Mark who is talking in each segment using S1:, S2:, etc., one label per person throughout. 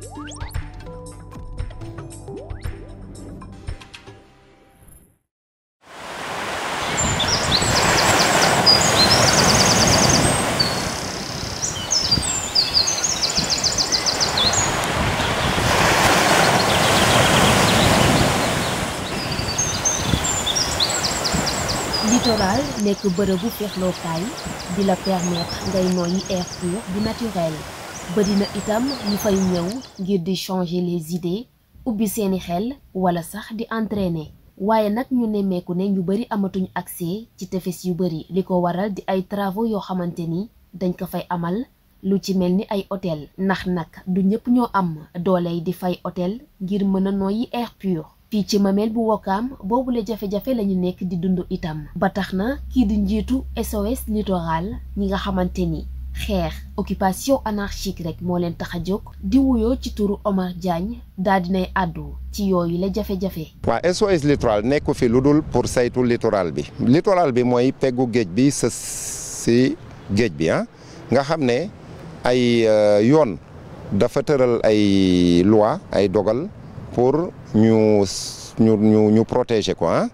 S1: littoral nekk bërëbu feexlookaay di la permettre ngay noyyi air pur bu naturel bëri na itam ñu fay ñëw ngir di changer les idées ubbi seeni xel wala sax di entraîner waaye nag ñu nemmeeku ne ñu bëri amatuñ accès ci tefes yu bëri li ko waral di ay travaux yoo xamante ni dañ ko fay amal lu ci mel ni ay hôtel ndax nag du ñëpp ñoo am dooley di fay hôtel ngir mën a nooyi air pur fii ci mameel bu wokkaam boobu la jafe-jafe la ñu nekk di dund itam ba tax na kii di njiitu SOS littoral ñi nga xamante ni xeex occupation anarchique rek moo leen tax a jóg di wuyoo ci turu Omar Diagne daal dinay àddu ci yooyu la jafe-jafe
S2: waa SOS littoral nekku fi lu dul pour saytu littoral bi littoral bi mooy peggu géej bi sa si géej bi ah nga xam ne ay euh, yoon dafa tëral ay loi ay dogal pour ñu ñu ñu ñu protéger ko ah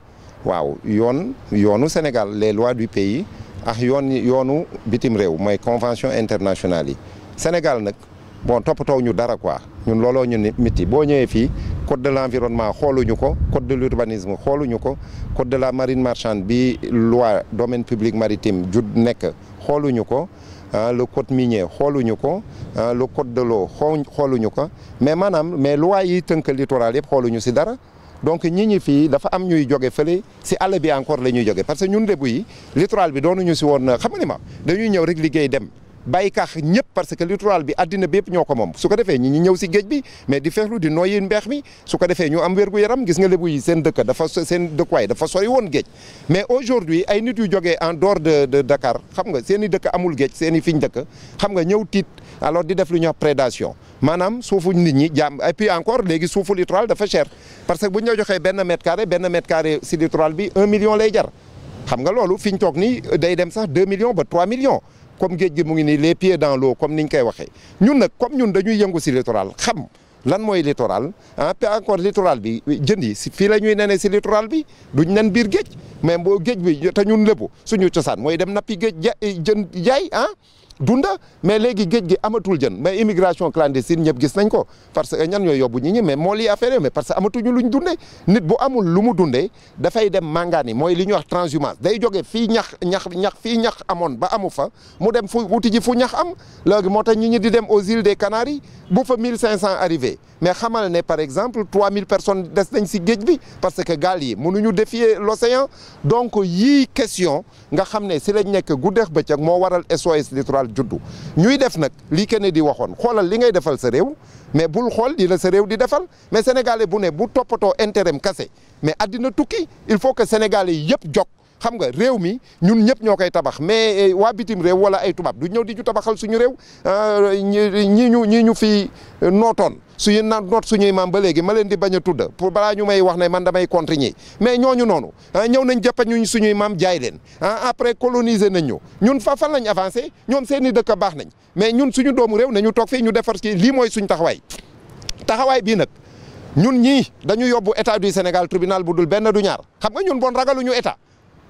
S2: waaw yoon yoonu Sénégal les lois du pays ak yoon yoonu bitim réew mooy convention internationale yi Sénégal nag bon toppatoo ñu dara quoi ñu looloo ñu nit miti boo ñëwee fii code de l' environnement xooluñu ko code de l' urbanisme xooluñu ko code de la marine marchande bi loi domaine public maritime ju nekk xooluñu ko ah, le code minier xooluñu ko ah, le code de l'eau xooluñu ko mais maanaam mais loi yi tënk littoral yëpp xooluñu si dara donc ñi ñi fii dafa am ñuy jóge fale si àll bi encore la ñuy jóge parce que ñun lébu yi littoral bi doonuñu si woon xam nga ma dañuy ñëw rek liggéey dem bàyyi kaax ñëpp parce que littoral bi àddina bi yëpp ñoo ko moom su ko defee ñi ñi ñëw si géej bi mais di feexlu di nooyi mbeex mi su ko defee ñu am wérgu yaram gis nga lébu seen dëkk dafa seen dëkkuwaay dafa sori woon géej mais aujourd'hui ay nit yu jógee en dehors de de Dakar xam nga seen i dëkk amul géej seeni i fiñ dëkk xam nga ñëw tiit alors di def lu ñuy prédation maanaam suufu nit ñi jaam et puis encore léegi suufu littoral dafa cher parce que bu ñu joxee benn mètre carré benn mètre bi un million lay jar xam nga loolu fi toog nii day dem sax deux millions ba trois millions comme géej gi mu ngi nii les pieds dans l'eau comme ni ñu koy waxee ñun nag comme ñun dañuy yëngu si littoral xam lan mooy littoral ah encore littoral bi jën yi si fii la ñuy nenee si littoral bi duñ nen biir géej mais boo géej bi te ñun lépp suñu cosaan mooy dem nappi géej ja jën jaay ah dunda mais léegi géej gi amatul jën mais immigration clandestine ñëpp gis nañ ko parce que ñan ñoo yóbbu ñi ñi mais moo lii affaire mais parce que amatuñu luñ dundee nit bu amul lu mu dundee dafay dem màngaani mooy li ñuy wax transhumance day joge fii ñax ñax ñax fii ñax amoon ba amu fa mu dem fu wuti ji fu ñax am léegi moo tax ñi ñi di dem aux îles des Canaries bu fa 1500 arrivé mais xamal ne par exemple 3000 personnes des nañ si géej bi parce que gaal yi mënuñu défier l'océan donc yii question nga xam ne si lañ nekk guddeex bëccëg moo waral SOS littoral juddu ñuy def nag lii kene di waxoon xoolal li ngay defal sa réew mais bul xool li la sa réew di defal mais sénégalais bu ne bu toppatoo intérêt am kese mais àddina tukki il faut que sénégalais yëpp jog xam nga réew mi ñun ñëpp ñoo koy tabax mais eh, waa bitim réew wala ay tubaab du ñëw di ñu tabaxal suñu réew euh, ñi ñu ñi ñu fi nootoon suñu naan noot suñuy maam ba léegi ma leen di bañ a pour balaa ñu may wax ne man damay contre ñi mais ñooñu noonu ah, ñëw nañ ñu suñuy maam jaay leen ah, après coloniser nañ ñu ñun fa fan lañ avancé ñoom seen i dëkk baax nañ mais ñun suñu doomu réew nañu toog fii ñu defar ci lii mooy suñu taxawaay taxawaay bii nag ñun ñii dañu yóbbu état du Sénégal tribunal bu benn du ñaar xam nga ñun bon ragaluñu état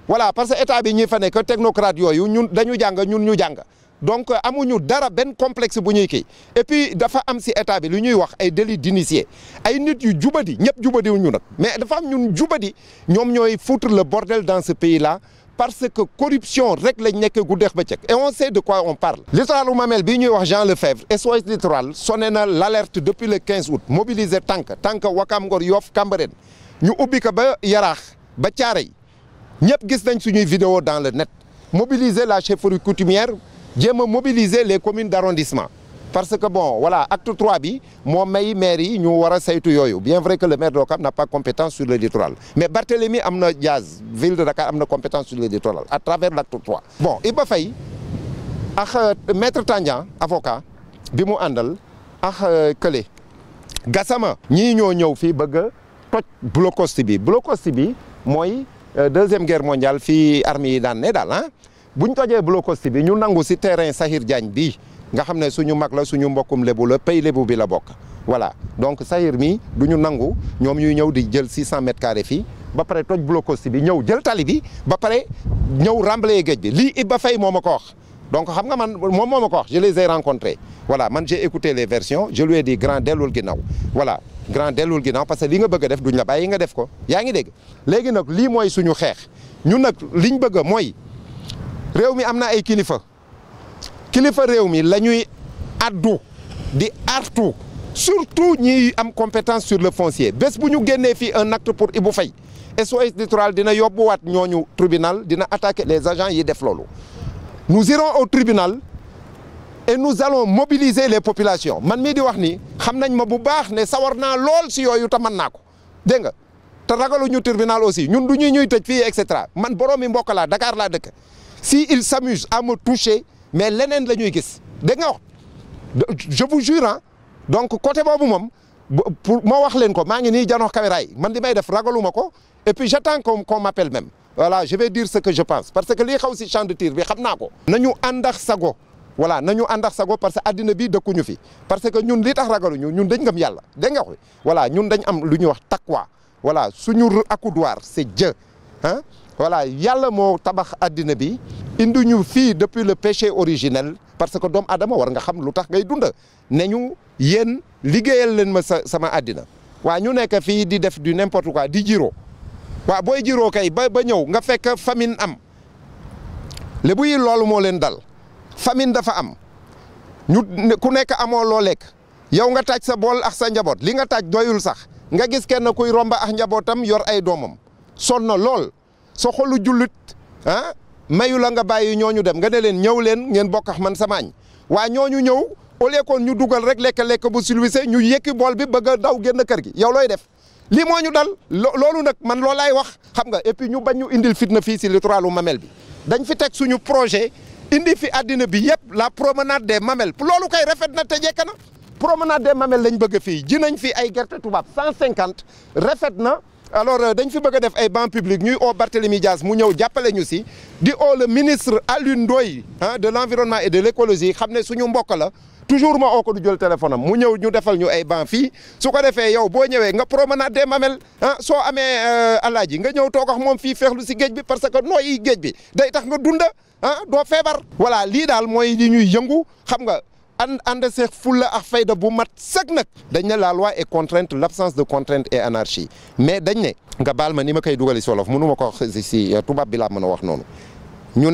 S2: voilà parce que état bi ñi fa nekk technocrate yooyu ñun dañu jàng ñun ñu jàng donc euh, amuñu dara benn complexe bu ñuy kii et dafa am si état bi lu ñuy wax ay délit d'initié ay nit yu jubadi ñëpp jubadi wu ñu mais dafa am ñun jubadi ñoom ñooy foutre la bordel dans ce pays là parce que corruption rek lañ nekk guddeex bëccëg et on sait de quoi on parle littoral u Mamel bii ñuy wax Jean Lefebvre SOS littoral sonné na l'alerte depuis le quinze out mobiliser tànk tànk Wakam Ngor Yoff Cambérène ñu ubbi ko ba Yaraax ba Caaray ñëpp gis nañ suñuy video dans le net mobiliser la chefferie coutumière jéem a mobiliser les communes d' arrondissement parce que bon voilà acte trois bi moo may maire yi ñu war a saytu yooyu bien vrai que le maire d'Ouakam n'a pas compétence sur le littoral mais Barthélemy am na Diaz ville de Dakar am na compétence sur le littoral à travers l' acte trois bon Iba Faye ak euh, maître Tandian avocat bi mu àndal ak euh, Kële gasama ñii ñoo ñëw fii bëgg a toj blocosti bi bi mooy Euh, deuxième guerre mondiale fii armée yi daan ne daal ah bu ñu tojee blockpost bi ñu nangu si terrain saxiir Diagne bi nga xam ne suñu mag la suñu mbokkum lébu la pay lébu bi la bokk voilà donc Sahir mi du ñu nangu ñoom ñuy ñëw di jël 600 mètres carrés fii ba pare toj blockpost bi ñëw jël tali bi ba pare ñëw remblayer géej bi lii Iba Faye moo ma ko wax donc xam nga man moom moo ma ko wax je les ai rencontrés voilà man j'ai écouté les versions je lui ai dit grand dellul ginnaaw voilà grand dellul ginnaaw parce que li nga bëgg a def duñ la bàyyi nga def ko yaa ngi dégg léegi nag lii mooy suñu xeex ñun nag liñ bëgg a mooy réew mi am na ay kilifa kilifa réew mi la ñuy addu di artu surtout ñiy am compétence sur le foncier bés bu ñu génnee fii un acte pour Ibou Faye SOS littoral dina yóbbuwaat ñooñu tribunal dina attaquer les agents yi def loolu nous irons au tribunal et nous allons mobiliser les populations man mii di wax nii xam nañ ma bu baax ne sawar naa lool si yooyu te man naa ko dégg nga te ragaluñu tribunal aussi ñun du ñuy ñuy tëj fii et cetera man boroomi mbokk laa Dakar laa dëkk si il s'amuse à me toucher mais leneen la ñuy gis dégg nga wax je vous jure donc côté boobu moom pour moo wax leen ko maa ngi nii janox caméra yi man li may def ragaluma ko et puis j'attends qu'on qu'on m'appelle même voilà je vais dire ce que je pense parce que lii xaw si champ de tir bi xam naa ko. nañu àndax sago voilà nañu àndax sago parce que addina bi dëkkuñu fi parce que ñun li tax ragaluñu ñun dañ ngëm yàlla dégg nga wax voilà ñun dañ am lu ñuy wax takwa voilà suñu accoudoir c'est Dieu ah voilà yàlla moo tabax addina bi indi ñu fii depuis le péché originel parce que doom adama war nga xam lu tax ngay dunda ne ñu yéen liggéeyal leen ma sa sama addina waa ñu nekk fii di def du n'importe quoi di jiro waaw booy jiroo kay ba ba ñëw nga fekk famine am lébu yi loolu moo leen dal famine dafa am ñu ku nekk amoo loo lekk yow nga taaj sa bool ak sa njaboot li nga taaj doyul sax nga gis kenn kuy romba ak njabootam yor ay doomam sonn na lool sa xolu jullit ah mayu la nga bàyyi ñooñu dem nga ne leen ñëw leen ngeen bokk ak man sama añ waa ñooñu ñëw au lieu ñu dugal rek lekk lekk bu silwise ñu yëkki bool bi bëgg a daw génn kër gi yow looy def lii moo ñu dal loolu nag man loolaay wax xam nga et ñu bañ ñu indil fitna fii si littoralu Mamelles bi dañ fi teg suñu projet indi fi addina bi yëpp la promenade de Mamelles loolu kay rafet na te jekk na promenade des Mamelles lañ bëgg fii ji nañ fi ay gerte tubaab 150 rafet na. alors euh, dañ fi bëgg def ay bancs publics ñuy oo Barthélémy Dias mu ñëw jàppale ñu si di oo le ministre Alioune Ndoye de l' environnement et de l' écologie xam ne suñu mbokk la. toujours ma oo ko du jël téléphone am mu ñëw ñu defal ñu ay banc fii su ko defee yow boo ñëwee nga promenade des Mamelles ah soo amee euh, alaaji nga ñëw toog ak moom fii feexlu si géej bi parce que nooyi géej bi day tax nga dunda ah doo feebar. voilà lii daal mooy li ñuy yëngu xam nga. ànd ànd seex fulla ak fayda bu mat sëg nag dañ ne la loi est contrainte l'absence de contrainte est anarchie mais dañ ne nga baal ma ni ma koy dugali solof mënu ma ko si euh, tubaab bi laa mën a wax noonu ñu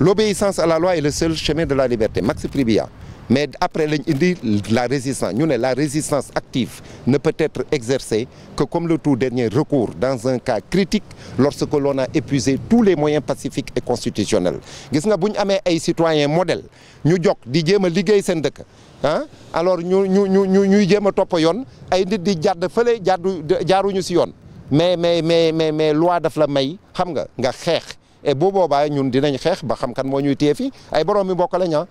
S2: l'obéissance à la loi est le seul chemin de la liberté Max Pribilla mais après lañ indi la résistance ñu ne la résistance active ne peut être exercée que comme le tout dernier recours dans un cas critique lorsque l'on a épuisé tous les moyens pacifiques et constitutionnels gis nga bu ñu amee ay citoyens modèles ñu jog di jéem a liggéey seen dëkk ah alors ñu ñu ñu ñu ñuy jéem a topp yoon ay nit di jàdd fale jàddu jaaruñu si yoon mais mais mais mais mais loi daf la may xam nga nga xeex et bu boobaa ñun dinañ xeex ba xam kan moo ñuy téye fii ay borom mi mbokk lañ ah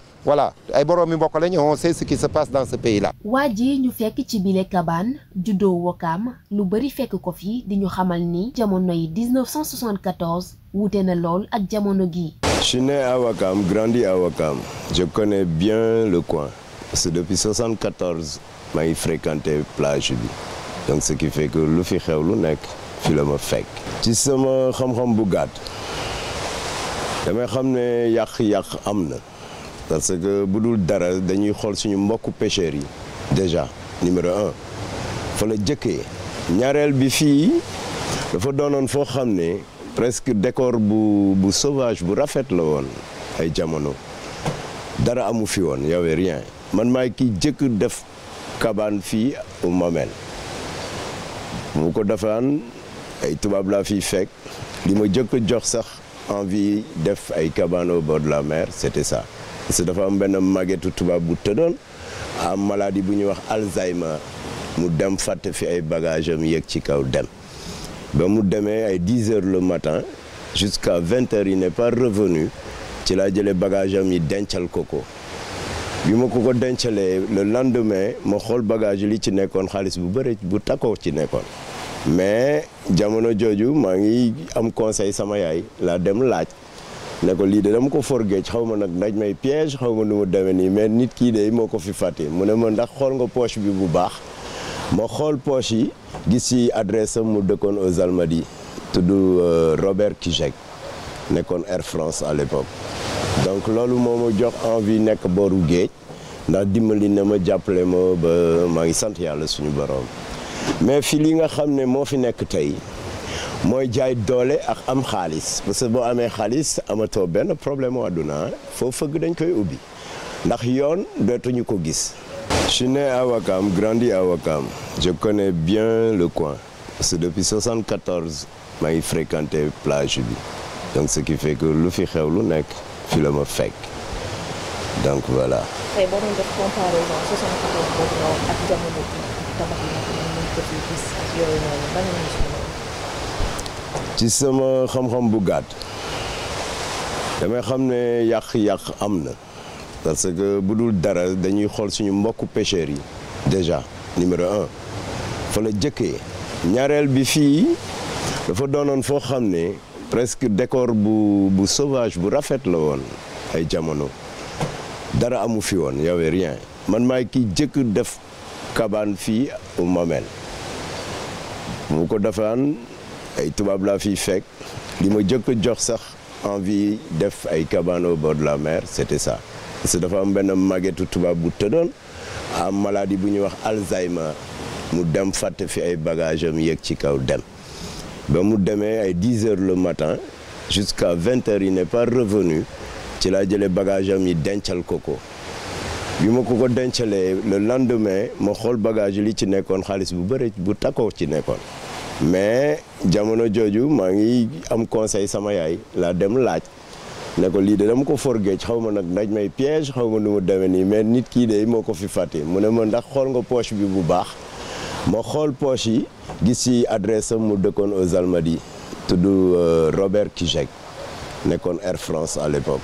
S2: ay borom mi mbokk lañ on sait ce qui se passe dans ce
S1: pays là. waa ji ñu fekk ci bile kabaan juddoo wokaam lu bari fekk ko fi di ñu xamal ni jamono yi 1974 wuute na lool ak jamono gi. je suis
S3: né à Wakam grandi à Wakam je connais bien le coin parce que depuis 74 maa ngi fréquenté plage bi donc ce qui fait lu fi xew lu nekk fi la ma fekk. ci sama xam-xam bu gàtt. damay xam ne yàq-yàq am na parce que bu dul dara dañuy xool suñu mbokku pêcheurs yi déjà numéro un fa ñaareel bi fii dafa doonoon foo xam ne presque décor bu bu sauvage bu rafet la woon ay jamono dara amu fi woon y'avait rien man maay ki jëkk def kaban fii au Mamel mu ko defaan ay tubaab laa fi fekk li ma jëkk jox sax envie def ay cabane au bord de la mer c'était ça parce que dafa am benn màggetu tubaab bu tëddoon am maladie bu ñuy wax Alzheimer mu dem fàtte fi ay bagages am ci kaw dem ba mu demee ay 10 heures le matin jusqu'à 20 heures il n'est pas revenu ci laa jëlee bagage yi dencal ko ko bi ma ko ko dencalee le lendemain ma xool bagage li ci nekkoon xaalis bu bëri bu takkoo ci nekkoon mais jamono jooju maa ngi am conseil sama yaay laa dem laaj ne lii de dama ko forgeej xaw ma nag ndaj may piège xaw ma nu mu demee nii mais nit kii de moo ko fi fàtte mu ne ma ndax xool nga poche bi bu baax ma xool poche yi gis ci sa mu dëkkoon aux Almadies tudd euh, Robert Kijek nekkoon Air France à l'époque donc loolu moo ma jox envie nekk booru géej ndax dimbali ne ma jàppale ma ba maa ngi sant yàlla suñu borom. mais fii li nga xam ne moo fi nekk tey mooy jaay doole ak am xaalis parce que boo amee xaalis amatoo benn problème àdduna foo fëgg dañ koy ubbi ndax yoon dootuñu ko gis. Je suis né à Ouakam, grandi à Ouakam. Je connais bien le coin. Parce que depuis 1974, j'ai fréquenté plage. Donc ce qui fait que lu fi xew lu nekk fi la ma fekk. voilà. ci sama xam-xam bu gàtt damay xam ne yàq-yàq am na parce que bu dul dara dañuy xool suñu mbokku pêcheurs yi déjà numéro un fa jëkkee ñaareel bi fii dafa doonoon foo xam ne presque décor bu bu sauvage bu rafet la woon ay jamono dara amu fi woon y'avait rien man maay ki jëkk def kaban fii au Mamel mu ko defaan ay tubaab laa fiy fekk li ma jëkk jox sax envie def ay cabane au bord de la mer c'était ça parce que dafa am benn màggetu tubaab bu tëddoon am maladie bu ñuy wax Alzheimer mu dem fàtte fi ay bagages am yéeg ci kaw dem ba mu demee ay 10 heures le matin jusqu'à 20 heures il n'est pas revenu ci laa jëlee bagage yi dencal ko ko bi ma ko ko dencalee le lendemain ma xool bagage li ci nekkoon xaalis bu bëri bu takkoo ci nekkoon mais jamono jooju maa ngi am conseil sama yaay laa dem laaj ne lii de dama ko forgeej xaw ma nag ndaj may piège xaw ma nu mu demee nii mais nit kii de moo ko fi fàtte mu ne ma ndax xool nga poche bi bu baax ma xool poche yi gis ci adresse am mu dëkkoon aux Almadies tudd euh, Robert Kijek nekkoon Air France à l'époque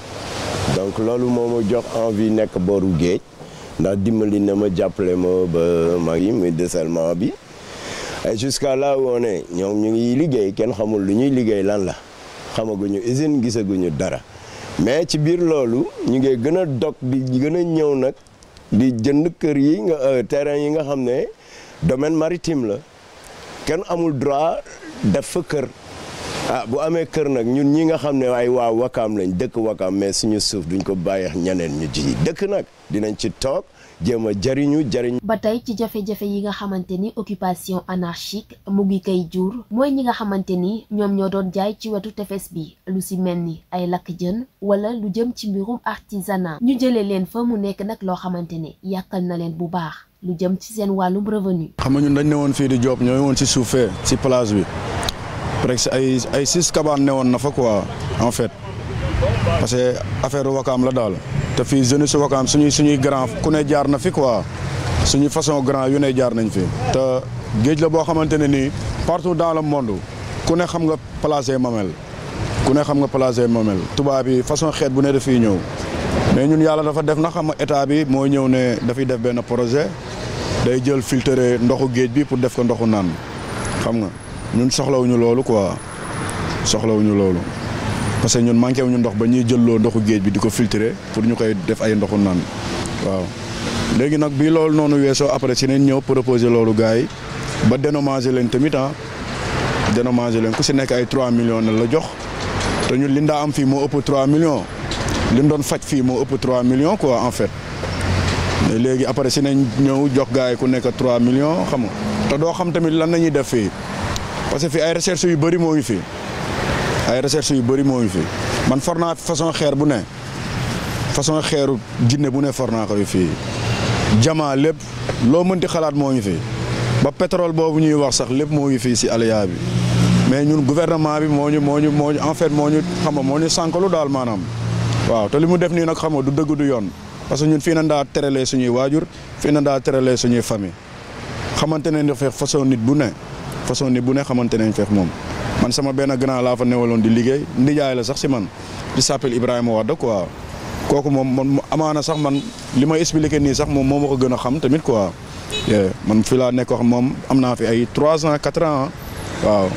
S3: donc loolu moo ma jox envie nekk booru géej ndax dimbali na ma jàppale ma ba mag yi muy dessalement bi et jusqu'à là où ñoom ñu ngi liggéey kenn xamul lu ñuy liggéey lan la xamaguñu usine gisaguñu dara mais ci biir loolu ñu ngi gën a dog di gën a ñëw nag di jënd kër yi nga euh, terrain yi nga xam ne domaine maritime la kenn amul droit def fa kër ah bu amee kër nag ñun ñi nga xam ne ay waa wakaam lañ dëkk wakaam mais suñu suuf duñ ko bàyyeex ñeneen ñu ji dëkk nag dinañ ci toog jéem a jariñu jariñ ba
S1: tey ci jafe-jafe yi nga xamante ni occupation anarchique mu ngi koy jur mooy ñi nga xamante ni ñoom ñoo doon jaay ci wetu tefes bi lu si mel ni ay lakk jën wala lu jëm ci mbirum artisanat ñu jëlee leen fa mu nekk nag loo xamante ni yàqal na leen bu baax lu jëm ci seen wàllum revenu.
S4: xam nga ñun dañ ne woon fii di job woon ci suufee ci place bi presque ay ay six kabaan woon na fa quoi en fait parce que affaire wakaam la daal te fii jeune si wakaam suñuy suñuy grand ku ne jaar na fi quoi suñu façon grand yu ne jaar nañ fi te géej la boo xamante ne nii partout dans le monde ku ne xam nga placé Mamel ku ne xam nga placé Mamel tubaab yi façon xeet bu ne dafiy ñëw mais ñun yàlla dafa def na xam nga état bi moo ñëw ne dafay def benn projet day jël filtre ndoxu géej bi pour def ko ndoxu naan xam nga ñun soxlawuñu loolu quoi soxlawuñu loolu parce que ñun manqué wuñu ndox ba ñuy jël loo ndoxu géej bi di ko filtrer pour ñu koy def ay ndoxu naan waaw. léegi nag bii loolu noonu weesoo après si neen ñëw proposer loolu gars yi ba dénommager leen tamit ah dénommager lañ ku si nekk ay 3 millions na la jox te ñun li ndaa am fii moo ëpp trois millions li mu doon faj fii moo ëpp 3 millions quoi en fait. léegi après si nañ ñëw jox gars yi ku nekk 3 millions xam nga te doo xam tamit lan la def fii. parce que fii ay recherche yu bëri moo ngi fi ay recherche yu bari moo ngi fi man for façon xeer bu ne façon xeeru jinne bu ne for naa ko fii jamaa lépp loo mënti xalaat moo ñu fi ba pétrole boobu ñuy wax sax lépp moo ngi fii si Alaya bi mais ñun gouvernement bi moo ñu moo ñu moo ñu en fait moo ñu xam moo ñu sànkalu daal maanaam waaw te li mu def nii nag xam nga du dëgg du yoon parce que ñun fii na daa teralee suñuy waajur fii na daa teralee suñuy famille xamante ne dafa façon nit bu ne. façon ni bu ne xamante nañ feex moom man sama benn grand laa fa newaloon di liggéey ndijaay la sax si man di s'appelle Ibrahima Wade quoi kooku moom man amaana sax man li may expliqué nii sax moom moo ma ko gën a xam tamit quoi man fi laa nekk moom am naa fi ay trois ans quatre ans waaw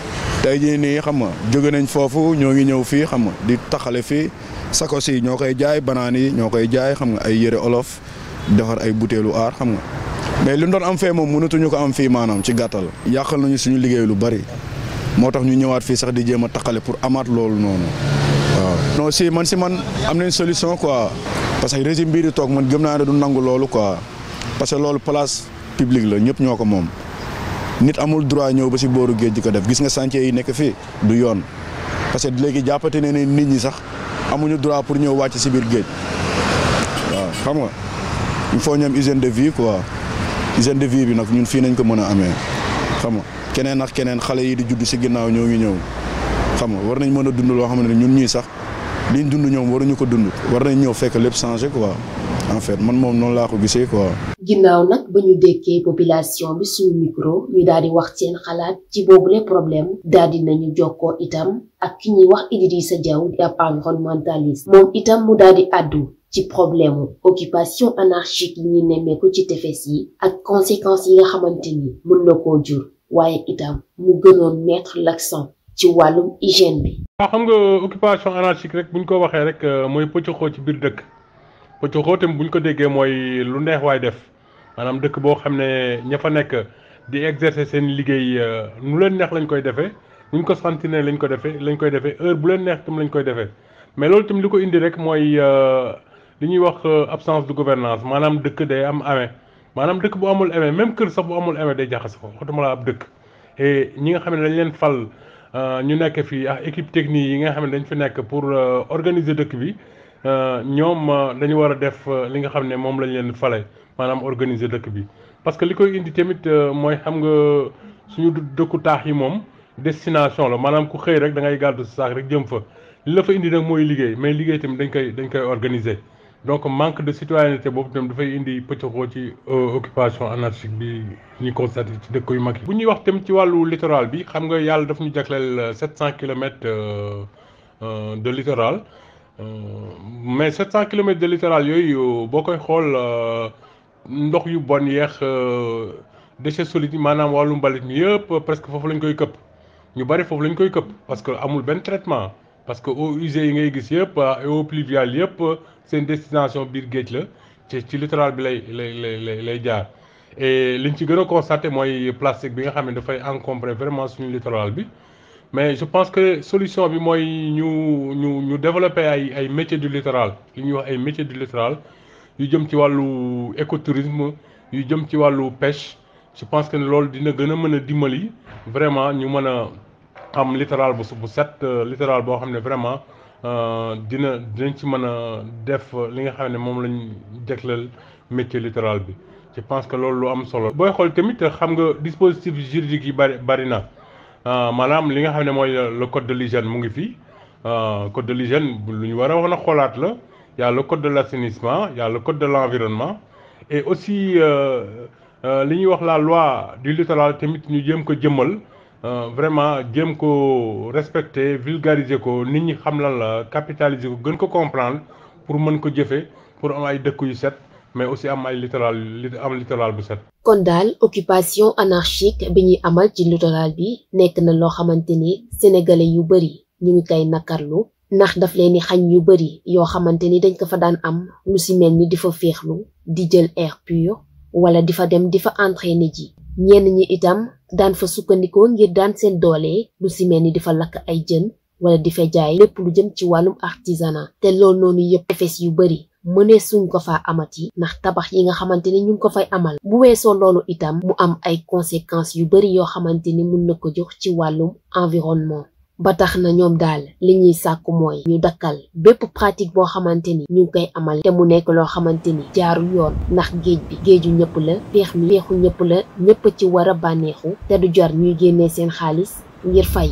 S4: tey jii nii xam nga jóge nañ foofu ñoo ngi ñëw fii xam nga di taxale fii sakos yi ñoo koy jaay banaan yi ñoo koy jaay xam nga ay yére olof defar ay butéelu aar xam nga mais lu doon am fee moom mënatuñu ko am fii maanaam ci gàttal yàqal nañu suñu liggéey lu bari moo tax ñu ñëwaat fii sax di jéem a taqale pour amaat loolu noonu waaw. non si man si man am nañ solution quoi parce que régime bii di toog man gëm naa ne du nangu loolu quoi parce que loolu place publique la ñëpp ñoo ko moom. nit amul droit ñëw ba si booru géej di ko def gis nga chantier yi nekk fii du yoon parce que léegi jàppate ne ne nit ñi sax amuñu droit pour ñëw wàcc si biir géej waaw xam nga il faut ñoom de vie quoi. hygiène de vie bi nag ñun fii nañ ko mën a amee xam keneen ak keneen xale yi di judd si ginnaaw ñoo ngi ñëw xam war nañ mën a dund loo xam ne ñun ñii sax liñ dund ñoom waruñu ko dund war nañ ñëw fekk lépp changé ko quoi. en fait man moom noonu laa ko gisee quoi.
S1: ginnaaw nag ba ñu dékkee population bi suñu micro ñu daal di wax seen xalaat ci boobule problème daal di nañu jokkoo itam ak ki ñuy wax Idrissa Diaw di ab environnementaliste moom itam mu daal di àddu ci problème occupation anarchique yi ñu nemmeeku ci tefes yi ak conséquence yi nga xamante ni mën na koo jur waaye itam mu gënoon mettre l'accent ci wàllum hygiène bi.
S5: waaw ah, xam nga occupation anarchique rek bu ñu ko waxee rek euh, mooy pëcc xoo ci biir dëkk. pëcc xóotam bu ñu ko déggee mooy lu neex waay def maanaam dëkk boo xam ne ña fa nekk di exercer seen liggéey euh, nu leen neex lañ koy defee nu ñu ko santine lañ ko defee lañ koy defee heure bu leen neex tam lañ koy defee mais loolu tamit li ko indi rek mooy euh, li ñuy wax euh, absence de gouvernance maanaam dëkk day am amee maanaam dëkk bu amul amee même kër sax bu amul amee day jaxase ko xotuma laa ab dëkk et ñi nga xam ne dañ leen fal ñu nekk fii ak ah, équipe technique yi nga xam ne dañ fi nekk pour organiser dëkk bi Euh, ñoom euh, dañu war a def euh, li nga xam ne moom lañ leen fale maanaam organiser dëkk bi parce que li koy indi tamit mooy xam nga suñu dëkku taax yi moom destination la maanaam ku xëy rek dangay gàddu sa saak rek jëm fa li la indi nag mooy liggéey mais liggéey tamit dañ koy dañ koy organiser donc manque de citoyenneté boobu tamit dafay indi pëccëxoo ci occupation anarchique bi ñu constaté ci dëkk yu mag yi. bu ñuy wax tamit ci wàllu littoral bi xam nga yàlla daf ñu jagleel 700 kilomètres de littoral. Euh, mais 700 kilomètres de littoral yooyu boo koy xool euh, ndox yu bon yeex euh, déchets solides yi maanaam wàllu mbalit mi yëpp presque foofu lañ koy këpp ñu bari foofu lañ koy këpp parce que amul benn traitement parce que eaux usées yi ngay gis yëpp ah, eaux pluviales yëpp seen destination biir géej la ci ci littoral bi lay lay lay lay jaar. li liñ ci gën a constaté mooy plastique bi nga xam ne dafay encombrer vraiment suñu littoral bi mais je pense que solution bi ñu développé ay ay métiers du littoral li ñuy wax ay métiers du littoral yu jëm ci wàllu écotourisme yu jëm ci wàllu pêche je pense que loolu dina gën a mën a dimbali vraiment ñu mën a am littoral bu bu set euh, littoral boo xam ne vraiment euh, dina dinañ ci mën a def li nga xam ne moom lañ jagleel métier littoral bi je pense que loolu lu am solo booy xool tamit xam nga dispositif juridique yi bari bari na euh, maanaam li nga xam ne mooy le code de l'hygiène mu ngi fii Euh, code de l'hygiène lu ñu war a woon a xoolaat la y a le code de l'assainissement y a le code de l'environnement et aussi euh, euh, li ñuy wax la loi du littoral tamit ñu jéem ko jëmmal vraiment jëm ko respecter vulgariser ko nit ñi xam lan la capitaliser ko gën ko comprendre pour mën ko jëfe pour am ay dëkk yu set mais aussi am ay littoral am littoral bu set.
S1: kon daal occupation anarchique bi ñuy amal ci littoral bi nekk na loo xamante ni sénégalais yu bari ñu ngi koy nakkarlu ndax daf leen di xañ yu bari yoo xamante ni dañ ko fa daan am lu si mel ni di fa féexlu di jël air pur wala di fa dem di fa entraîner ji ñenn ñi itam daan fa sukkandikoo ngir daan seen doole lu si mel ni di fa lakk ay jën wala di fa jaay lépp lu jën ci wàllum artisanat te lool noonu yëpp efes yu bari mënee suñ ko faa amati ndax tabax yi nga xamante ni ñu ngi ko fay amal bu weesoo loolu itam mu am ay conséquences yu bari yoo xamante ni mën na ko jox ci wàllum environnement ba tax na ñoom daal li ñuy sàkku mooy ñu dakkal bépp pratique boo xamante ni ñu ngi koy amal te mu nekk loo xamante ni jaarul yoon ndax géej bi géeju ñëpp la peex mi ñëpp la ñëpp ci war a bànneexu te du jar ñuy génne seen xaalis ngir fay